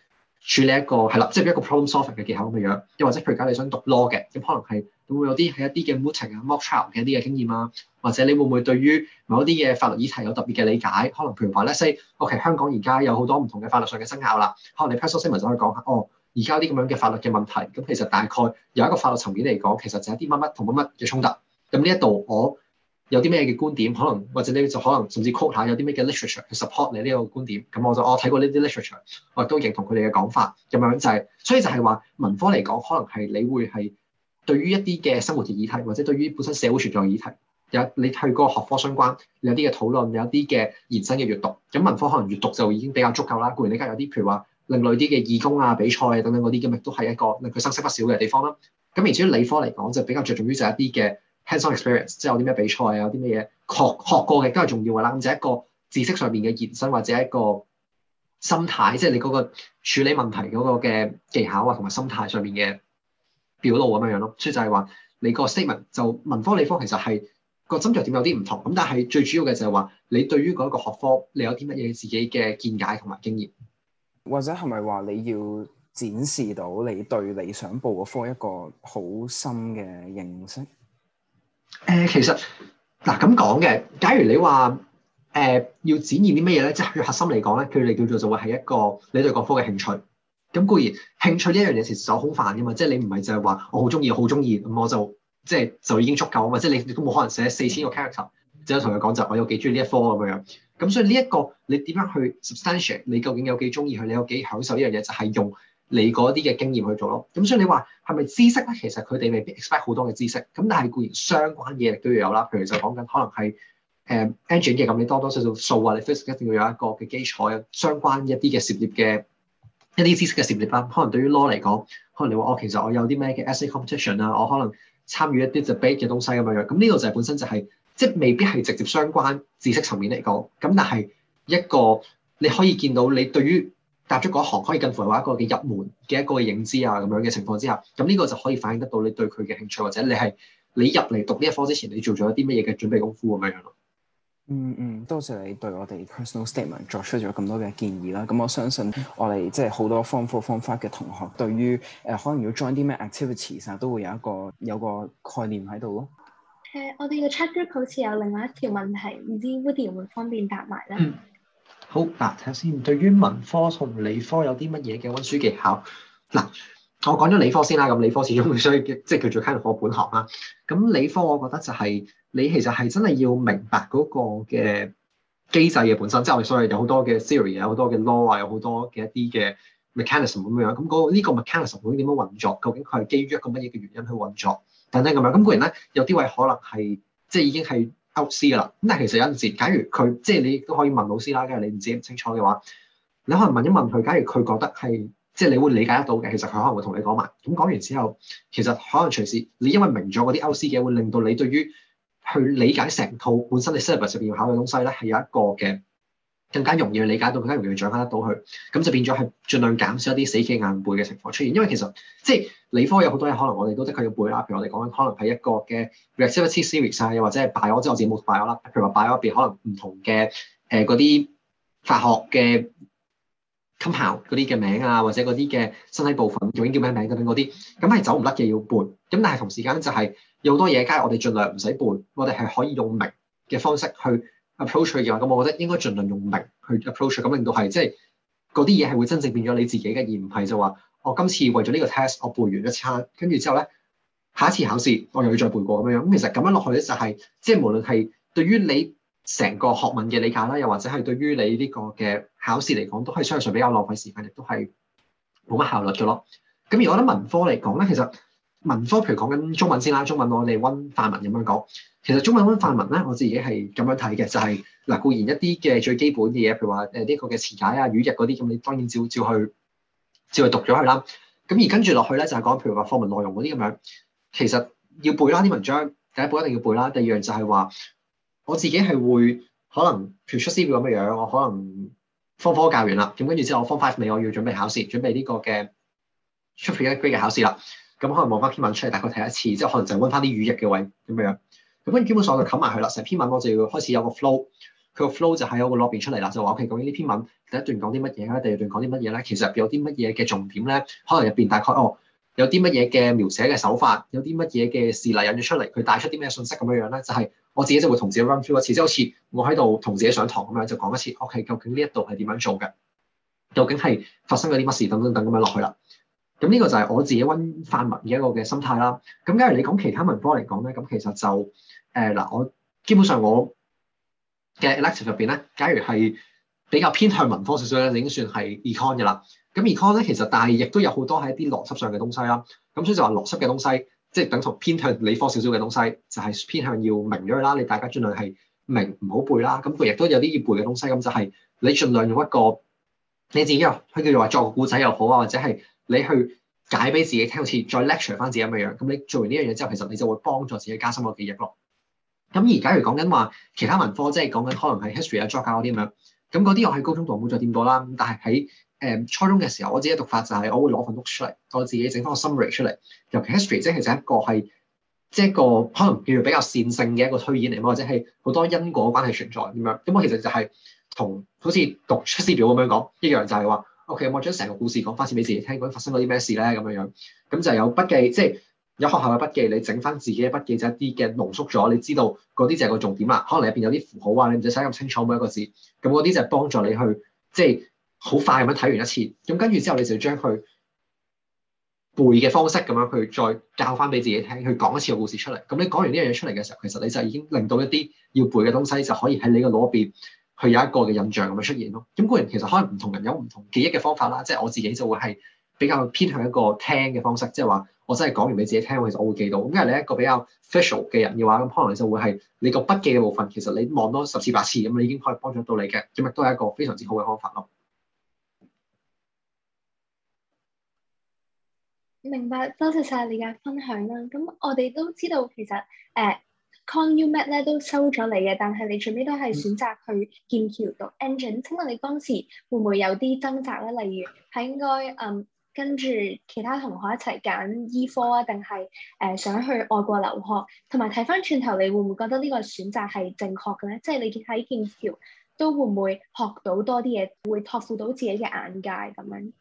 處理一個係啦，即係一個 problem solving 嘅技巧咁嘅樣。又或者譬如講你想讀 law 嘅，咁可能係會會有啲係一啲嘅 mooting 啊、mock trial 嘅一啲嘅經驗啊，或者你會唔會對於某啲嘅法律議題有特別嘅理解？可能譬如話咧，let's say，我其實香港而家有好多唔同嘅法律上嘅生效啦，可能你 personal statement 就可以講下哦。而家啲咁樣嘅法律嘅問題，咁其實大概由一個法律層面嚟講，其實就係啲乜乜同乜乜嘅衝突。咁呢一度我有啲咩嘅觀點，可能或者你就可能甚至 quote 下有啲咩嘅 literature 去 support 你呢個觀點。咁我就、哦、我睇過呢啲 literature，我亦都認同佢哋嘅講法咁樣就係、是。所以就係話文科嚟講，可能係你會係對於一啲嘅生活嘅議題，或者對於本身社會存在嘅議題，有你去個學科相關有啲嘅討論，有啲嘅延伸嘅閱讀。咁文科可能閱讀就已經比較足夠啦。固然而家有啲譬如話。另類啲嘅義工啊、比賽啊等等嗰啲咁亦都係一個令佢失色不少嘅地方啦。咁，而至於理科嚟講就比較着重於就一啲嘅 hands-on experience，即係有啲咩比賽啊、有啲乜嘢學學過嘅都係重要噶啦。咁就一個知識上面嘅延伸，或者一個心態，即係你嗰個處理問題嗰個嘅技巧啊，同埋心態上面嘅表露咁樣樣咯。所以就係話你個 statement 就文科理科其實係個爭著點有啲唔同，咁但係最主要嘅就係話你對於嗰一個學科你有啲乜嘢自己嘅見解同埋經驗。或者係咪話你要展示到你對你想報嘅科一個好深嘅認識？誒、呃，其實嗱咁講嘅，假如你話誒、呃、要展現啲咩嘢咧，即係核心嚟講咧，佢哋叫做就會係一個你對嗰科嘅興趣。咁固然興趣呢一樣嘢其實好泛噶嘛，即係你唔係淨係話我好中意，好中意，咁我就即係就已經足夠啊嘛，即係你你都冇可能寫四千個 character。即係同佢講就，我有幾中意呢一科咁樣，咁所以呢一個你點樣去 substantial，你究竟有幾中意佢，你有幾享受呢樣嘢，就係、是、用你嗰啲嘅經驗去做咯。咁所以你話係咪知識咧？其實佢哋未必 expect 好多嘅知識，咁但係固然相關嘢亦都要有啦。譬如就講緊可能係 engine 嘅咁，你多多少少數啊，你 first 一定要有一個嘅基礎啊，相關一啲嘅涉獵嘅一啲知識嘅涉獵啦。可能對於 law 嚟講，可能你話我、哦、其實我有啲咩嘅 essay competition 啊，我可能參與一啲 debate 嘅東西咁樣樣。咁呢度就係、是、本身就係、是。即未必係直接相關知識層面嚟講，咁但係一個你可以見到你對於踏足嗰行可以近乎係話一個嘅入門嘅一個嘅認知啊，咁樣嘅情況之下，咁呢個就可以反映得到你對佢嘅興趣，或者你係你入嚟讀呢一科之前，你做咗一啲乜嘢嘅準備功夫咁樣咯。嗯嗯，多謝你對我哋 personal statement 作出咗咁多嘅建議啦。咁我相信我哋即係好多 form four form five 嘅同學，對於誒可能要 join 啲咩 activities 都會有一個有個概念喺度咯。誒，我哋嘅 chat group 好似有另外一條問題，唔知 Woody 會方便答埋咧？嗯，好嗱，睇下先。對於文科同理科有啲乜嘢嘅溫書技巧？嗱，我講咗理科先啦。咁理科始終會需要即係叫做開路課本學啦。咁理科我覺得就係、是、你其實係真係要明白嗰個嘅機制嘅本身，即係我哋所謂有好多嘅 theory 有好多嘅 law 啊，有好多嘅一啲嘅 mechanism 咁樣。咁呢個 mechanism 會點樣運作？究竟佢係基於一個乜嘢嘅原因去運作？咁樣，嗯、咁固然咧，有啲位可能係即係已經係 Out C 啦。咁但係其實有陣時，假如佢即係你亦都可以問老師啦，因為你唔知咁清楚嘅話，你可能問一問佢。假如佢覺得係即係你會理解得到嘅，其實佢可能會同你講埋。咁講完之後，其實可能隨時你因為明咗嗰啲 Out C 嘅，會令到你對於去理解成套本身你 service 入邊要考嘅東西咧，係有一個嘅。更加容易去理解到，更加容易去掌握得到佢，咁就變咗係盡量減少一啲死記硬背嘅情況出現。因為其實即係理科有好多嘢，可能我哋都的確要背啦。譬如我哋講緊，可能係一個嘅 reactivity series 啊，又或者係 bio，即我自己冇 take bio 啦。譬如話 bio 入邊可能唔同嘅誒嗰啲化學嘅 compound 嗰啲嘅名啊，或者嗰啲嘅身體部分究竟叫咩名等等嗰啲，咁係走唔甩嘅要背。咁但係同時間就係有好多嘢，梗係我哋盡量唔使背，我哋係可以用明嘅方式去 approach 佢嘅話，咁我覺得應該盡量用明去 approach 佢，咁令到係即係嗰啲嘢係會真正變咗你自己嘅，而唔係就話我今次為咗呢個 test，我背完一餐，跟住之後咧下一次考試我又要再背過咁樣。咁其實咁樣落去咧就係、是、即係無論係對於你成個學問嘅理解啦，又或者係對於你呢個嘅考試嚟講，都係相對比較浪費時間，亦都係冇乜效率嘅咯。咁而我覺得文科嚟講咧，其實～文科譬如講緊中文先啦，中文我哋溫範文咁樣講。其實中文溫範文咧，我自己係咁樣睇嘅，就係、是、嗱固然一啲嘅最基本嘅嘢，譬如話誒呢個嘅詞解啊、語譯嗰啲咁，你當然照照去照去讀咗佢啦。咁而跟住落去咧就係講譬如話課文內容嗰啲咁樣，其實要背啦啲文章，第一步一定要背啦。第二樣就係話我自己係會可能譬如出師表咁嘅樣，我可能科科教完啦，咁跟住之後我方 five 尾我要準備考試，準備呢個嘅出 f o u 嘅考試啦。咁可能望翻篇文出嚟，大概睇一次，即係可能就係揾翻啲語譯嘅位咁樣。咁基本上我就冚埋佢啦。成篇文我就要開始有個 flow，佢個 flow 就喺我個腦入邊出嚟啦。就話，我、okay, 其究竟呢篇文第一段講啲乜嘢咧，第二段講啲乜嘢咧，其實入邊有啲乜嘢嘅重點咧，可能入邊大概哦有啲乜嘢嘅描寫嘅手法，有啲乜嘢嘅事例引咗出嚟，佢帶出啲咩信息咁樣樣咧，就係、係、我自己就會同自己 run through 一次，即好似我喺度同自己上堂咁樣，就講一次，o、okay, k 究竟呢一度係點樣做嘅，究竟係發生咗啲乜事等等等咁樣落去啦。咁呢個就係我自己溫範文嘅一個嘅心態啦。咁、嗯、假如你講其他文科嚟講咧，咁其實就誒嗱、呃，我基本上我嘅 elective 入邊咧，假如係比較偏向文科少少咧，已經算係 econ 嘅啦。咁 econ 咧其實，但係亦都有好多喺一啲邏輯上嘅東西啦。咁所以就話邏輯嘅東西，即、就、係、是、等同偏向理科少少嘅東西，就係、是、偏向要明咗佢啦。你大家儘量係明唔好背啦。咁佢亦都有啲要背嘅東西，咁就係你儘量用一個你自己又佢叫做話作個故仔又好啊，或者係。你去解俾自己聽，好似再 lecture 翻自己咁樣樣，咁你做完呢樣嘢之後，其實你就會幫助自己加深個記憶咯。咁而假如講緊話其他文科，即係講緊可能係 history 啊、geography 嗰啲咁樣，咁嗰啲我喺高中度冇再掂過啦。咁但係喺誒初中嘅時候，我自己讀法就係、是、我會攞份 note 出嚟，我自己整翻個 summary 出嚟。尤其 history，即係就一個係即係一個可能叫做比較線性嘅一個推演嚟，嘛，或者係好多因果關係存在咁樣。咁我其實就係同好似讀出師表咁樣講一樣、就是，就係話。O.K. 我將成個故事講翻先俾自己聽，講發生咗啲咩事咧咁樣樣，咁就有筆記，即係有學校嘅筆記，你整翻自己嘅筆記就一啲嘅濃縮咗，你知道嗰啲就係個重點啦。可能入邊有啲符號啊，你唔使寫咁清楚每一個字，咁嗰啲就幫助你去即係好快咁樣睇完一次。咁跟住之後，你就要將佢背嘅方式咁樣去再教翻俾自己聽，去講一次個故事出嚟。咁你講完呢樣嘢出嚟嘅時候，其實你就已經令到一啲要背嘅東西就可以喺你個腦入邊。佢有一個嘅印象咁樣出現咯。咁個人其實可能唔同人有唔同記憶嘅方法啦。即係我自己就會係比較偏向一個聽嘅方式，即係話我真係講完畀自己聽，其實我會記到。咁如果你一個比較 facial 嘅人嘅話，咁可能你就會係你個筆記嘅部分，其實你望多十次八次咁，你已經可以幫助到你嘅。咁亦都係一個非常之好嘅方法咯。明白，多謝晒你嘅分享啦。咁我哋都知道其實誒。呃 Con U、um、Met 咧都收咗你嘅，但係你最尾都係選擇去劍橋讀 Engine。請問你當時會唔會有啲掙扎咧？例如係應該嗯跟住其他同學一齊揀醫科啊，定係誒想去外國留學？同埋睇返轉頭，你會唔會覺得呢個選擇係正確嘅咧？即係你喺劍橋都會唔會學到多啲嘢，會拓闊到自己嘅眼界咁樣？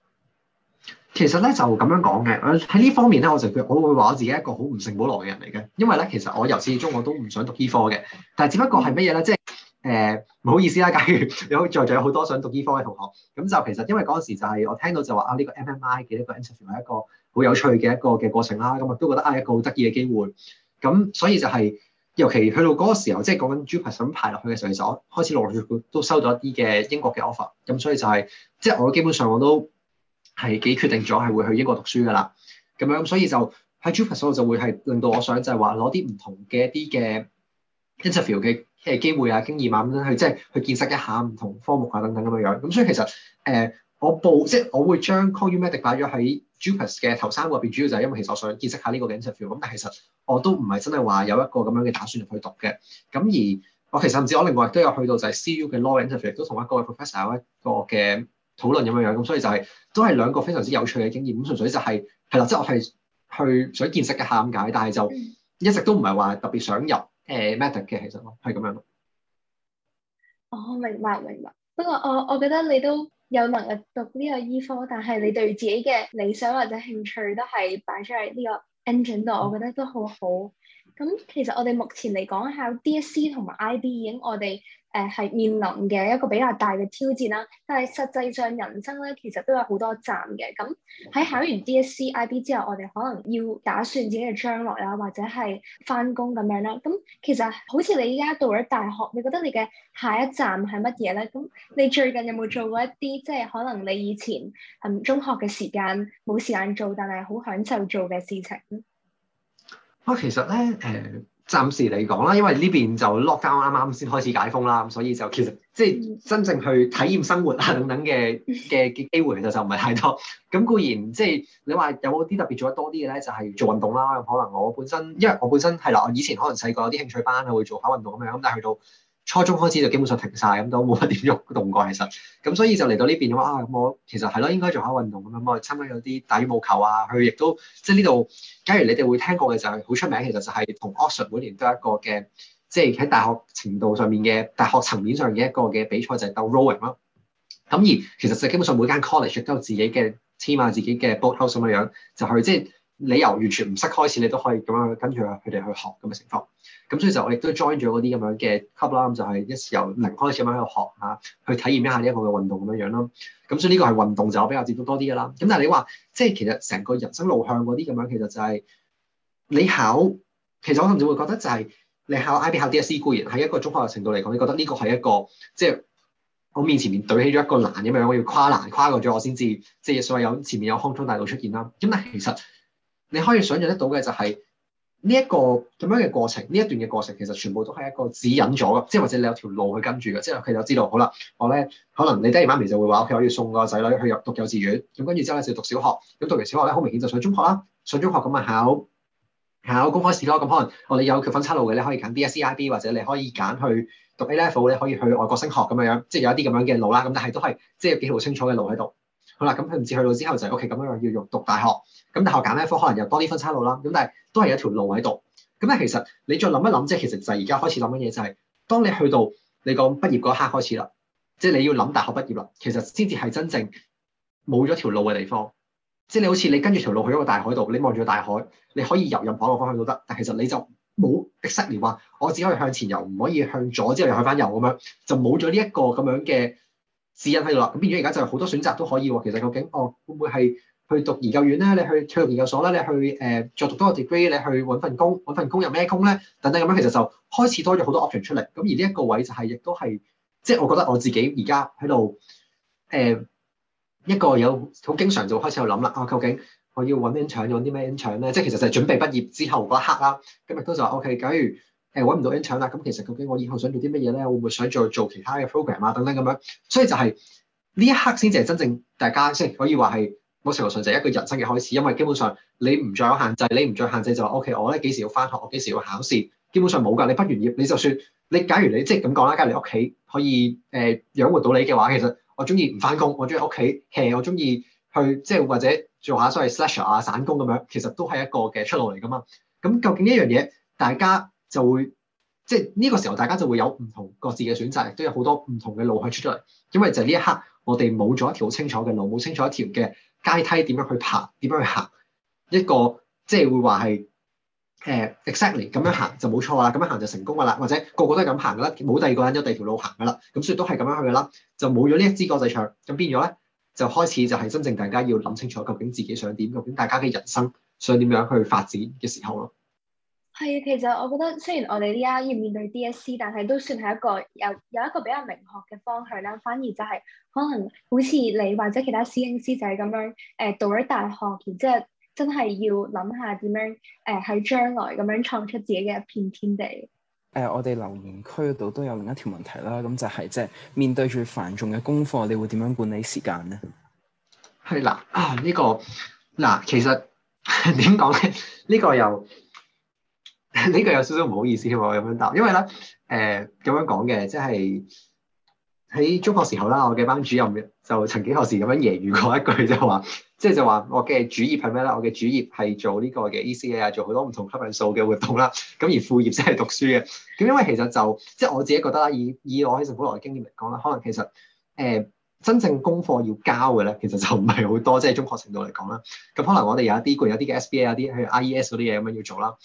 其實咧，就咁樣講嘅，喺呢方面咧，我就會我會話我自己係一個好唔承保落嘅人嚟嘅，因為咧，其實我由始至終我都唔想讀醫科嘅，但係只不過係乜嘢咧，即係誒唔好意思啦、啊，假如有好在在有好多想讀醫科嘅同學，咁就其實因為嗰時就係、是、我聽到就話啊呢、這個 MMI 嘅一個 interview 係一個好有趣嘅一個嘅過程啦，咁啊都覺得啊一個好得意嘅機會，咁所以就係、是、尤其去到嗰個時候，即係講緊 JUPAS 咁排落去嘅時候，就開始陸續都收到一啲嘅英國嘅 offer，咁所以就係、是、即係我基本上我都。係幾決定咗係會去英國讀書㗎啦，咁樣，所以就喺 Jupas 嗰度就會係令到我想就係話攞啲唔同嘅一啲嘅 interview 嘅嘅機會啊，經驗啊去即係去見識一下唔同科目啊等等咁樣樣。咁所以其實誒、呃、我報即係我會將 CU Medicine 擺咗喺 Jupas 嘅頭三個入邊，主要就係因為其實我想見識下呢個嘅 interview。咁但係其實我都唔係真係話有一個咁樣嘅打算去讀嘅。咁而我其實唔知我另外都有去到就係 CU 嘅 law interview，都同一位 professor 有一個嘅。討論咁樣樣，咁所以就係都係兩個非常之有趣嘅經驗。咁純粹就係係啦，即係我係去想見識嘅嘆解，但係就一直都唔係話特別想入誒 Med 嘅，其實我係咁樣咯。哦，明白，明白。不過我我覺得你都有能力讀呢個醫科，但係你對自己嘅理想或者興趣都係擺出嚟呢個 engine 度，我覺得都好好。咁其實我哋目前嚟講，考 DSE 同埋 IB 已經我哋，誒係、呃、面臨嘅一個比較大嘅挑戰啦，但係實際上人生咧其實都有好多站嘅。咁喺考完 DSE、IB 之後，我哋可能要打算自己嘅將來啦，或者係翻工咁樣啦。咁其實好似你依家到咗大學，你覺得你嘅下一站係乜嘢咧？咁你最近有冇做過一啲即係可能你以前喺、嗯、中學嘅時間冇時間做，但係好享受做嘅事情咧？我其實咧誒。呃暫時嚟講啦，因為呢邊就 lockdown 啱啱先開始解封啦，咁所以就其實即係真正去體驗生活啊等等嘅嘅機機會其實就唔係太多，咁固然即係你話有冇啲特別做得多啲嘅咧？就係、是、做運動啦。可能我本身因為我本身係啦，我以前可能細個有啲興趣班係，會做下運動咁樣，咁但係去到。初中開始就基本上停晒，咁都冇乜點喐動過，其實咁所以就嚟到呢邊嘅話啊，咁我其實係咯，應該做下運動咁樣，我哋參加有啲打羽毛球啊，佢亦都即係呢度。假如你哋會聽過嘅就係好出名，其實就係同 Oxford 每年都有一個嘅，即係喺大學程度上面嘅大學層面上嘅一個嘅比賽就係鬥 rowing 咯。咁而其實就基本上每間 college 都有自己嘅 team 啊，自己嘅 boat house 咁嘅樣，就係即係。你由完全唔識開始，你都可以咁樣跟住佢哋去學咁嘅情況。咁所以就我亦都 join 咗嗰啲咁樣嘅 club 啦。咁就係一由零開始喺度學吓，去體驗一下呢一個嘅運動咁樣樣咯。咁所以呢個係運動就我比較接觸多啲㗎啦。咁但係你話即係其實成個人生路向嗰啲咁樣，其實就係你考，其實我甚至會覺得就係你考 IB 考 DSE 固然係一個中學嘅程度嚟講，你覺得呢個係一個即係我面前面對起咗一個難咁樣，我要跨難跨過咗我先至即係所謂有前面有康莊大道出現啦。咁但係其實，你可以想象得到嘅就係呢一個咁樣嘅過程，呢一段嘅過程其實全部都係一個指引咗嘅，即係或者你有條路去跟住嘅。之後佢就知道，好啦，我咧，可能你爹哋媽咪就會話，屋企可以送個仔女去入讀幼稚園，咁跟住之後咧就讀小學，咁讀完小學咧好明顯就上中學啦，上中學咁咪考考公開試咯。咁可能我哋有條分岔路嘅，你可以揀 DSE、IB 或者你可以揀去讀 A Level，你可以去外國升學咁樣樣，即係有一啲咁樣嘅路啦。咁但係都係即係幾條清楚嘅路喺度。好啦，咁佢唔知去到之後就係屋企咁樣樣，要用讀大學，咁大學揀咩科，可能又多啲分叉路啦。咁但係都係有一條路喺度。咁咧，其實你再諗一諗，即係其實就係而家開始諗緊嘢，就係當你去到你講畢業嗰一刻開始啦，即係你要諗大學畢業啦，其實先至係真正冇咗條路嘅地方。即係你好似你跟住條路去咗個大海度，你望住個大海，你可以遊任何一個方向都得，但其實你就冇 decision 話，我只可以向前遊，唔可以向左之後又去翻右咁樣，就冇咗呢一個咁樣嘅。指引喺度啦，咁變咗而家就好多選擇都可以喎。其實究竟哦，會唔會係去讀研究院咧？你去去研究所啦，你去誒、呃、再讀多個 degree，你去揾份工，揾份工有咩工咧？等等咁樣，其實就開始多咗好多 option 出嚟。咁而呢一個位就係、是、亦都係，即係我覺得我自己而家喺度誒一個有好經常就開始去諗啦。啊、哦，究竟我要揾 intern，揾啲咩 intern 咧？即係其實就係準備畢業之後嗰一刻啦。咁亦都就 OK 假如……誒揾唔到 entry 啦，咁其實究竟我以後想做啲乜嘢咧？會唔會想再做其他嘅 program 啊？等等咁樣，所以就係、是、呢一刻先至係真正大家先可以話係我成度上就係一個人生嘅開始，因為基本上你唔再有限制，你唔再限制就話、是、OK，我咧幾時要翻學，我幾時要考試，基本上冇㗎。你不如業，你就算你假如你即係咁講啦，假如你屋企可以誒、呃、養活到你嘅話，其實我中意唔翻工，我中意屋企其 e 我中意去即係或者做下所謂 slasher 啊、散工咁樣，其實都係一個嘅出路嚟㗎嘛。咁究竟呢樣嘢大家？就會即係呢個時候，大家就會有唔同各自嘅選擇，都有好多唔同嘅路去出出嚟。因為就係呢一刻，我哋冇咗一條好清楚嘅路，冇清楚一條嘅階梯點樣去爬，點樣去行一個即係會話係誒 exactly 咁樣行就冇錯啦，咁樣行就成功噶啦，或者個個都係咁行噶啦，冇第二個人有第二條路行噶啦，咁所以都係咁樣去噶啦，就冇咗呢一支歌仔唱，咁變咗咧就開始就係真正大家要諗清楚究竟自己想點，究竟大家嘅人生想點樣去發展嘅時候咯。係啊，其實我覺得雖然我哋呢家要面對 DSE，但係都算係一個有有一個比較明確嘅方向啦。反而就係可能好似你或者其他師兄師姐咁樣誒，到咗大學然之後，真係要諗下點樣誒喺將來咁樣創出自己嘅一片天地。誒、呃，我哋留言區度都有另一條問題啦。咁就係即係面對住繁重嘅功課，你會點樣管理時間咧？係啦，呢、啊這個嗱、啊，其實點講咧？呢、這個又～呢個有少少唔好意思喎，我咁樣答，因為咧，誒、呃、咁樣講嘅，即係喺中學時候啦，我嘅班主任就曾經有時咁樣揶揄過一句，就話，即係就話我嘅主業係咩咧？我嘅主業係做呢個嘅 ECA 啊，做好多唔同科目數嘅活動啦。咁而副業即係讀書嘅。咁因為其實就即係我自己覺得啦，以以我喺聖保羅嘅經驗嚟講啦，可能其實誒、呃、真正功課要交嘅咧，其實就唔係好多，即係中學程度嚟講啦。咁可能我哋有一啲，有啲嘅 SBA 啊，啲去 IES 嗰啲嘢咁樣要做啦。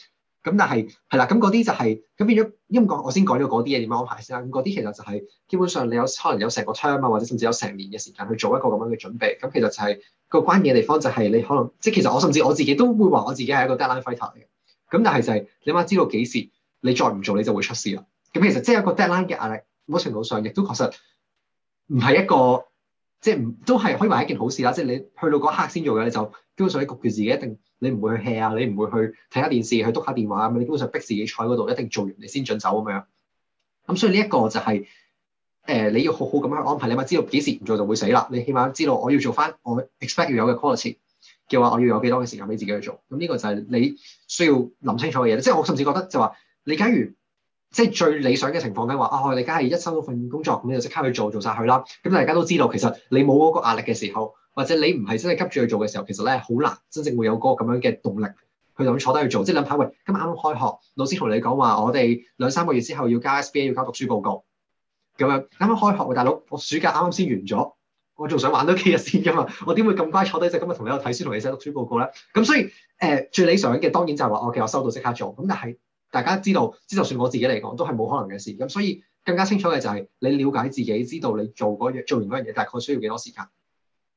咁但係係啦，咁嗰啲就係咁變咗。因為我先講咗嗰啲嘢點樣安排先啦。咁嗰啲其實就係基本上你有可能有成個窗啊，或者甚至有成年嘅時間去做一個咁樣嘅準備。咁其實就係個關鍵嘅地方就係你可能即係其實我甚至我自己都會話我自己係一個 deadline fighter 嚟嘅。咁但係就係你嘛知道幾時你再唔做你就會出事啦。咁其實即係一個 deadline 嘅壓力，某程度上亦都確實唔係一個即係都係可以話一件好事啦。即係你去到嗰刻先做嘅，你就基本上你焗住自己一定。你唔會去 hea 啊，你唔會去睇下電視，去篤下電話啊，你基本上逼自己坐嗰度，一定做完你先准走咁樣。咁所以呢一個就係、是，誒、呃、你要好好咁樣安排，你咪知道幾時唔做就會死啦。你起碼知道我要做翻我 expect 要有嘅 quality 嘅話，我要有幾多嘅時間俾自己去做。咁呢個就係你需要諗清楚嘅嘢。即係我甚至覺得就話，你假如～即係最理想嘅情況咧，話、哦、啊，你梗係一收到份工作，咁就即刻去做，做晒佢啦。咁大家都知道，其實你冇嗰個壓力嘅時候，或者你唔係真係急住去做嘅時候，其實咧好難真正會有個咁樣嘅動力去咁坐低去做。即係諗下，喂，今日啱啱開學，老師同你講話，我哋兩三個月之後要加 SBA，要交讀書報告。咁樣啱啱開學喎，大佬，我暑假啱啱先完咗，我仲想玩多幾日先㗎嘛，我點會咁乖坐低即今日同你睇書同你寫讀書報告咧？咁所以誒、呃，最理想嘅當然就係話，我、okay，嘅我收到即刻做。咁但係。大家知道，即就算我自己嚟講，都係冇可能嘅事。咁所以更加清楚嘅就係、是、你了解自己，知道你做嗰樣做完嗰樣嘢大概需要幾多時間。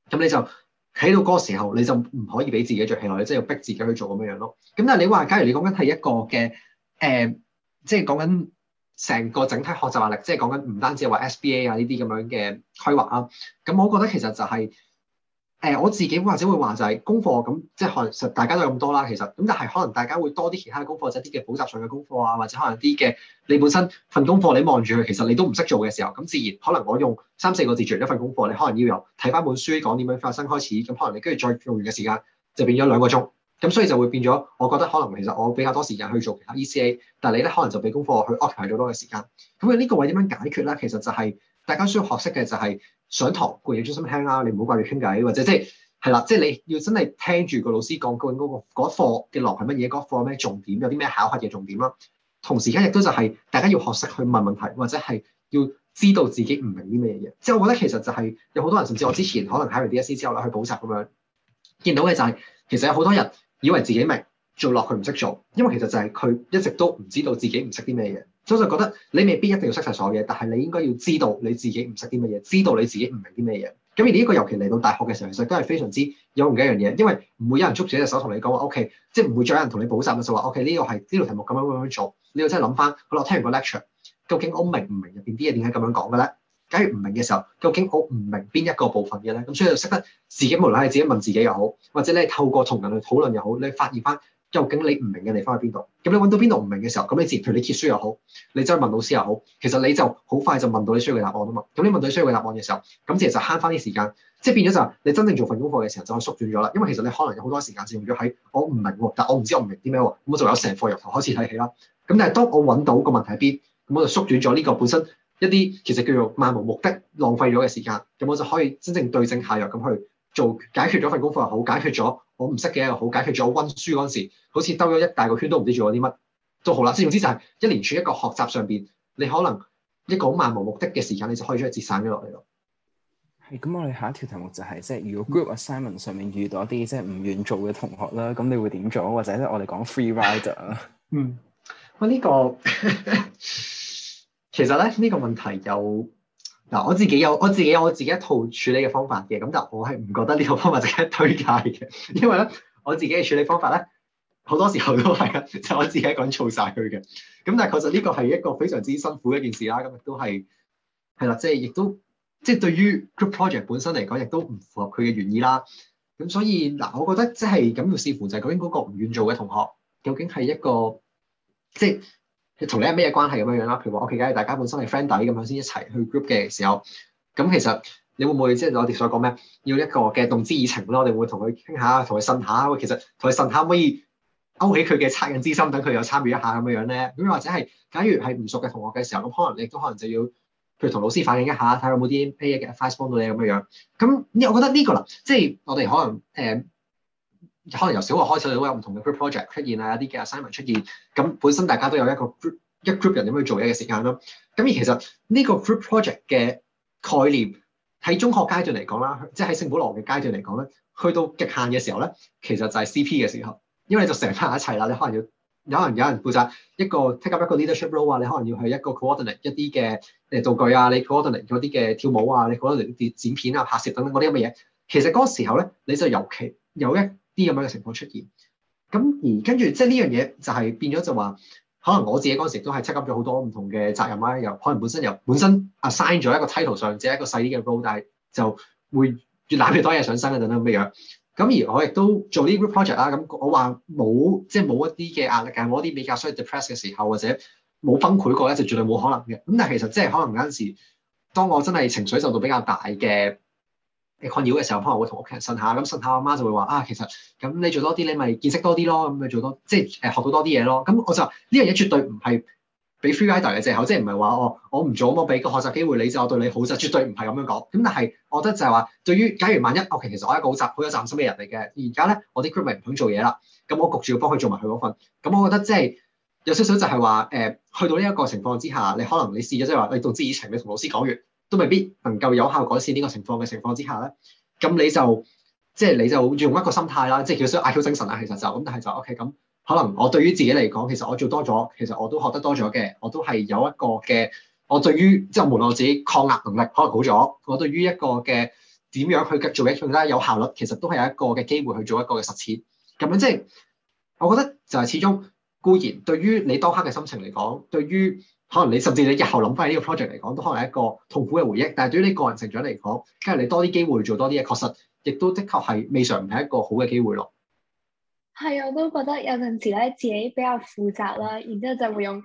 咁你就喺到嗰個時候，你就唔可以俾自己着起來，你即係要逼自己去做咁樣樣咯。咁但係你話，假如你講緊係一個嘅誒，即、呃、係、就是、講緊成個整體學習壓力，即、就、係、是、講緊唔單止係話 SBA 啊呢啲咁樣嘅規劃啊。咁我覺得其實就係、是。誒、呃、我自己或者會話就係功課咁，即係可能大家都有咁多啦。其實咁，就係可能大家會多啲其他功課，或者啲嘅補習上嘅功課啊，或者可能啲嘅你本身份功課你望住佢，其實你都唔識做嘅時候，咁自然可能我用三四個字做一份功課，你可能要由睇翻本書講點樣發生開始，咁可能你跟住再用完嘅時間就變咗兩個鐘。咁所以就會變咗，我覺得可能其實我比較多時間去做其他 ECA，但係你咧可能就俾功課去安排咗多嘅時間。咁啊呢個位點樣解決咧？其實就係、是、大家需要學識嘅就係、是。上堂固然要專心聽啦，你唔好怪你傾偈，或者即係係啦，即係你要真係聽住個老師講究竟嗰個課嘅落係乜嘢，嗰課有咩重點，有啲咩考核嘅重點啦。同時而家亦都就係大家要學識去問問題，或者係要知道自己唔明啲咩嘢。即係我覺得其實就係有好多人，甚至我之前可能考完 DSE 之後落去補習咁樣，見到嘅就係、係、其實有好多人以為自己明，做落去唔識做，因為其實就係佢一直都唔知道自己唔識啲咩嘢。所就覺得你未必一定要識晒所有嘢，但係你應該要知道你自己唔識啲乜嘢，知道你自己唔明啲乜嘢。咁而呢個尤其嚟到大學嘅時候，其實都係非常之有用嘅一樣嘢，因為唔會有人捉住隻手同你講話，OK，即係唔會再有人同你補習嘅，就話 OK 呢個係呢條題目咁樣咁樣做。你要真係諗翻，好啦，我聽完個 lecture，究竟我明唔明入邊啲嘢點解咁樣講嘅咧？假如唔明嘅時候，究竟我唔明邊一個部分嘅咧？咁所以就識得自己無論係自己問自己又好，或者你透過同人去討論又好，你發現翻。究竟你唔明嘅地方喺邊度？咁你揾到邊度唔明嘅時候，咁你自然譬如你揭書又好，你走去問老師又好，其實你就好快就問到你需要嘅答案啊嘛。咁你問到你需要嘅答案嘅時候，咁其實慳翻啲時間，即係變咗就係你真正做份功課嘅時候就可以縮短咗啦。因為其實你可能有好多時間用咗喺我唔明喎，但我唔知我唔明啲咩喎。咁我就有由成課入頭開始睇起啦。咁但係當我揾到個問題喺邊，咁我就縮短咗呢個本身一啲其實叫做漫無目的浪費咗嘅時間。咁我就可以真正對症下藥咁去做，解決咗份功課又好，解決咗。我唔識嘅一個好解決咗，溫書嗰陣時，好似兜咗一大個圈，都唔知做咗啲乜，都好啦。總之就係一連串一個學習上邊，你可能一個好漫無目的嘅時間，你就開咗一節散咗落嚟咯。係咁，我哋下一條題目就係、是、即係如果 group assignment 上面遇到一啲即係唔願做嘅同學啦，咁你會點做？或者即我哋講 free rider 啊？ 嗯，我呢、呢個 其實咧呢、呢個問題有。嗱，我自己有我自己有我自己一套處理嘅方法嘅，咁但係我係唔覺得呢個方法值得推介嘅，因為咧我自己嘅處理方法咧好多時候都係噉，就我自己一個人做晒佢嘅，咁但係確實呢個係一個非常之辛苦嘅一件事啦，咁亦都係係啦，即係亦都即係對於 group project 本身嚟講，亦都唔符合佢嘅原意啦，咁所以嗱，我覺得即係咁要視乎就係究竟嗰個唔願做嘅同學究竟係一個即係。就是同你係咩關係咁樣樣啦？譬如話，我其實假如大家本身係 friend 底咁樣先一齊去 group 嘅時候，咁其實你會唔會即係、就是、我哋所講咩？要一個嘅動之以情咯，我哋會同佢傾下，同佢呻下。其實同佢呻下可唔可以勾起佢嘅惻隱之心，等佢有參與一下咁樣樣咧？咁或者係假如係唔熟嘅同學嘅時候，咁可能你都可能就要譬如同老師反映一下，睇下有冇啲咩嘅 advice 幫到你咁樣樣。咁我覺得呢、呢個啦，即係我哋可能誒。呃可能由小學開始都有唔同嘅 group project 出現啊，一啲嘅 assignment 出現，咁本身大家都有一個 group 一 group 人點去做嘢嘅時間啦。咁而其實呢個 group project 嘅概念喺中學階段嚟講啦，即係喺聖保羅嘅階段嚟講咧，去到極限嘅時候咧，其實就係 CP 嘅時候，因為你就成班人一齊啦，你可能要有人有人負責一個 take up 一個 leadership role 啊，你可能要去一個 coordinate 一啲嘅誒道具啊，你 coordinate 嗰啲嘅跳舞啊，你 coordinate 啲剪片啊、拍攝等等嗰啲咁嘅嘢。其實嗰時候咧，你就尤其有一啲咁樣嘅情況出現，咁而跟住即係呢樣嘢就係變咗就話，可能我自己嗰陣時都係積攢咗好多唔同嘅責任啦，又可能本身又本身 assign 咗一個 title 上只係一個細啲嘅 role，但係就會越攬越多嘢上身嗰陣咁嘅樣。咁而我亦都做呢 group project 啦、啊，咁我話冇即係冇一啲嘅壓力，冇一啲比較需要 depress 嘅時候，或者冇崩潰過咧，就絕對冇可能嘅。咁但係其實即係可能嗰陣時，當我真係情緒受到比較大嘅，誒困擾嘅時候，可能會同屋企人呻下，咁呻下阿媽就會話啊，其實咁你做多啲，你咪見識多啲咯，咁咪做多，即係誒學到多啲嘢咯。咁、嗯、我就呢樣嘢絕對唔係俾 free rider 嘅借口，即係唔係話我我唔做，我俾個學習機會你就我對你好就絕對唔係咁樣講。咁但係我覺得就係話，對於假如萬一我其實我係一個好習好有責任心嘅人嚟嘅，而家咧我啲 group 咪唔肯做嘢啦，咁、嗯、我焗住要幫佢做埋佢嗰份，咁、嗯、我覺得即係有少少就係話誒，去到呢一個情況之下，你可能你試咗即係話你動之以情，你同老師講完。都未必能夠有效改善呢個情況嘅情況之下咧，咁你就即係、就是、你就用一個心態啦，即係叫所謂阿 Q 精神啦。其實就咁，但係就 OK 咁。可能我對於自己嚟講，其實我做多咗，其實我都學得多咗嘅，我都係有一個嘅。我對於即係無論我自己抗壓能力可能好咗，我對於一個嘅點樣去做嘢更加有效率，其實都係有一個嘅機會去做一個嘅實踐。咁樣即係我覺得就係始終固然對於你當刻嘅心情嚟講，對於，可能你甚至你日後諗返呢個 project 嚟講，都可能係一個痛苦嘅回憶。但係對於你個人成長嚟講，跟住你多啲機會做多啲嘢，確實亦都的確係未嘗唔係一個好嘅機會咯。係啊，我都覺得有陣時咧，自己比較負責啦，然之後就會用誒，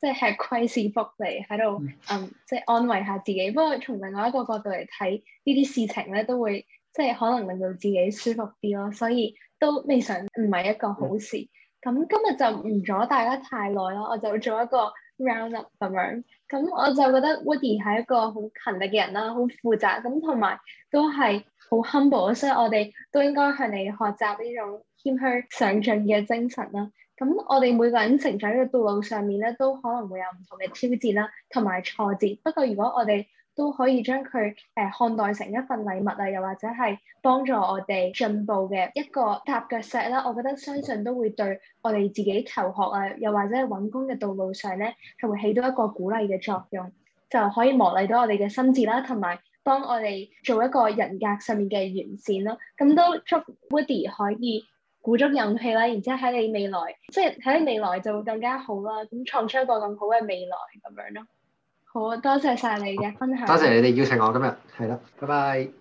即係吃虧是福嚟喺度，即、嗯、係、就是、安慰下自己。不過從另外一個角度嚟睇，呢啲事情咧都會即係、就是、可能令到自己舒服啲咯。所以都未嘗唔係一個好事。咁的今日就唔阻大家太耐咯，我就做一個 round up 咁樣，咁我就覺得 Woody 係一個好勤力嘅人啦，好負責咁，同埋都係好 humble，所以我哋都應該向你學習呢種謙虛上進嘅精神啦。咁我哋每個人成長嘅道路上面咧，都可能會有唔同嘅挑戰啦，同埋挫折。不過如果我哋都可以將佢誒、呃、看待成一份禮物啊，又或者係幫助我哋進步嘅一個踏腳石啦。我覺得相信都會對我哋自己求學啊，又或者係揾工嘅道路上咧，係會起到一個鼓勵嘅作用，就可以磨礪到我哋嘅心智啦，同埋幫我哋做一個人格上面嘅完善咯。咁都祝 Woody 可以鼓足勇氣啦，然之後喺你未來，即係喺未來就會更加好啦。咁創出一個更好嘅未來咁樣咯。好啊，多謝晒你嘅分享。多謝你哋邀請我今日，係啦，拜拜。